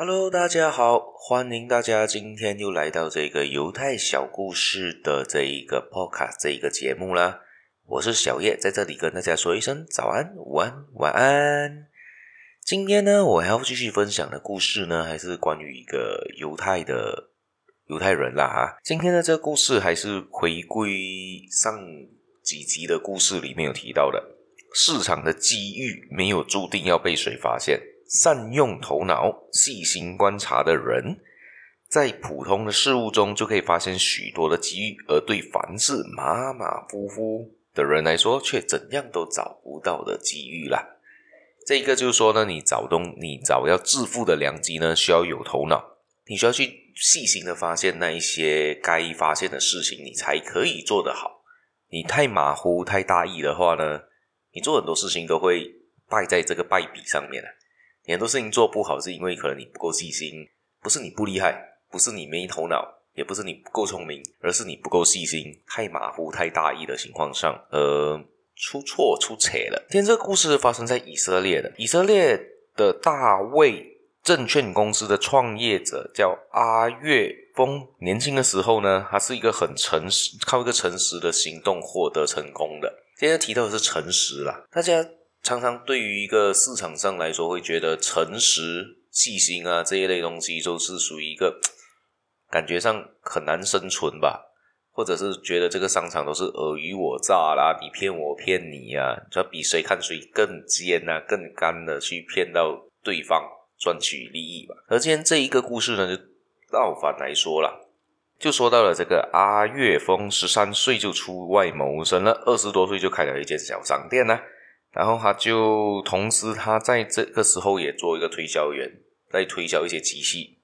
哈嘍，Hello, 大家好，歡迎大家今天又來到這個猶太小故事的這一個 Podcast 這一個節目啦，我是小葉，在這裡跟大家說一聲早安、午安、晚安。今天呢，我還要繼續分享的故事呢，還是關於一個猶太的猶太人啦。哈，今天的這個故事還是回歸上幾集的故事裡面有提到的，市場的機遇沒有注定要被誰發現。善用頭腦、細心觀察的人，在普通的事物中就可以發現許多的機遇，而對凡事馬馬虎虎的人來說，卻怎樣都找不到的機遇啦。這一個就是說呢，你找東、你找要致富的良機呢，需要有頭腦，你需要去細心的發現那一些該發現的事情，你才可以做得好。你太馬虎、太大意的話呢，你做很多事情都會敗在這個敗筆上面了。很多事情做不好，是因為可能你不夠細心，不是你不厲害，不是你沒頭腦，也不是你不夠聰明，而是你不夠細心，太馬虎、太大意的情況上，呃，出錯出岔了。今天這個故事發生在以色列的以色列的大衛證券公司的創業者叫阿月峰，年輕的時候呢，他是一個很誠實，靠一個誠實的行動獲得成功的。今天提到的是誠實啦，大家。常常對於一個市場上來說，會覺得誠實、細心啊這一類東西，就是屬於一個感覺上很難生存吧，或者是覺得這個商場都是爾虞我詐啦，你騙我，騙你呀、啊，就要比誰看誰更奸啊，更幹的去騙到對方賺取利益吧。而今天這一個故事呢，就倒反來說了，就說到了這個阿月峰十三歲就出外謀生了，二十多歲就開了一間小商店呢。然後他就同時，他在這個時候也做一個推銷員，在推銷一些機器。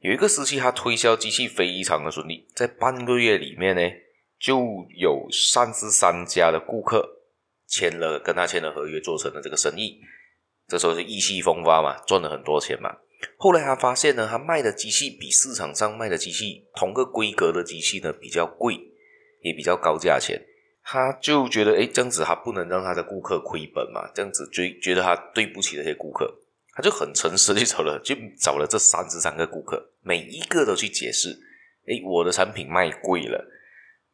有一個時期，他推銷機器非常的順利，在半個月裡面呢，就有三十三家的顧客簽了，跟他簽了合約，做成了這個生意。這時候就意氣風發嘛，賺了很多錢嘛。後來他發現呢，他賣的機器比市場上賣的機器，同個規格的機器呢，比較貴，也比較高價錢。他就覺得，哎，這樣子他不能讓他的顧客虧本嘛，這樣子覺得他對不起那些顧客，他就很誠實就找了，就找了就找了這三十三個顧客，每一個都去解釋，哎，我的產品賣貴了，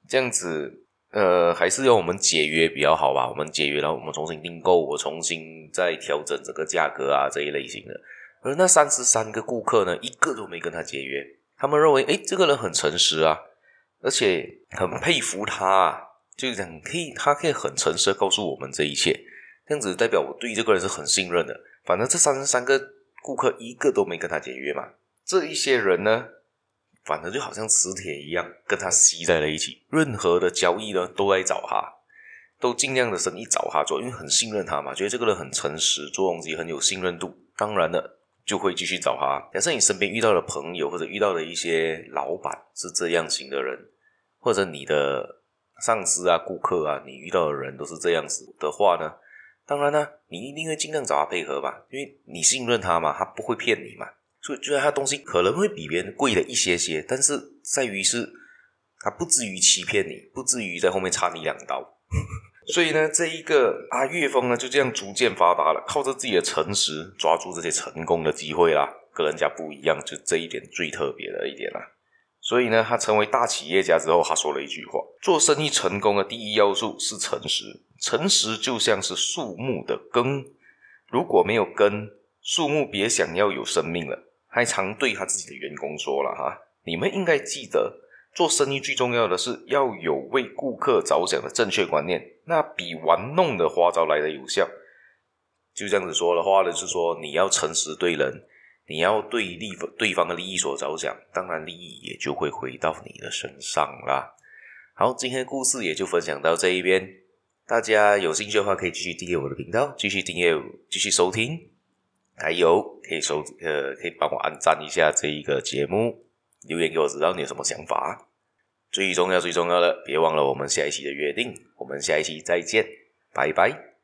這樣子，呃，還是要我們解約比較好吧，我們解約，然後我們重新訂購，我重新再調整這個價格啊，這一類型的。而那三十三個顧客呢，一個都沒跟他解約，他們認為，哎，這個人很誠實啊，而且很佩服他啊。就想，可以，他可以很誠實地告訴我們這一切，這樣子代表我對這個人是很信任的。反正這三十三個顧客一個都沒跟他解約嘛。這一些人呢，反正就好像磁鐵一樣跟他吸在了一起。任何的交易呢，都來找他，都盡量的生意找他做，因為很信任他嘛，覺得這個人很誠實，做東西很有信任度。當然了，就會繼續找他。假設你身邊遇到的朋友或者遇到的一些老板是這樣型的人，或者你的。上司啊，顧客啊，你遇到的人都是這樣子的話呢，當然呢、啊，你一定會盡量找他配合吧，因為你信任他嘛，他不會騙你嘛，所以就算他東西可能會比別人貴了一些些，但是在於是，他不至於欺騙你，不至於在後面插你兩刀， 所以呢，這一個啊，岳峰呢就這樣逐漸發達了，靠着自己的誠實抓住這些成功的機會啦，跟人家不一樣，就這一點最特別的一點啦。所以呢，他成為大企業家之後，他說了一句話：“做生意成功的第一要素是誠實，誠實就像是樹木的根，如果沒有根，樹木別想要有生命了。”還常對他自己的員工說了哈：“你們應該記得，做生意最重要的是要有為顧客着想的正確觀念，那比玩弄的花招來得有效。”就這樣子說的話呢，就是說你要誠實對人。你要對利，對方的利益所着想，當然利益也就會回到你的身上啦。好，今天的故事也就分享到這一邊，大家有興趣的話可以繼續訂閱我的頻道，繼續訂閱，繼續收聽。還有，可以收，呃，可以幫我按讚一下這一個節目，留言給我知道你有什麼想法。最重要最重要的，別忘了我們下一期的約定，我們下一期再見，拜拜。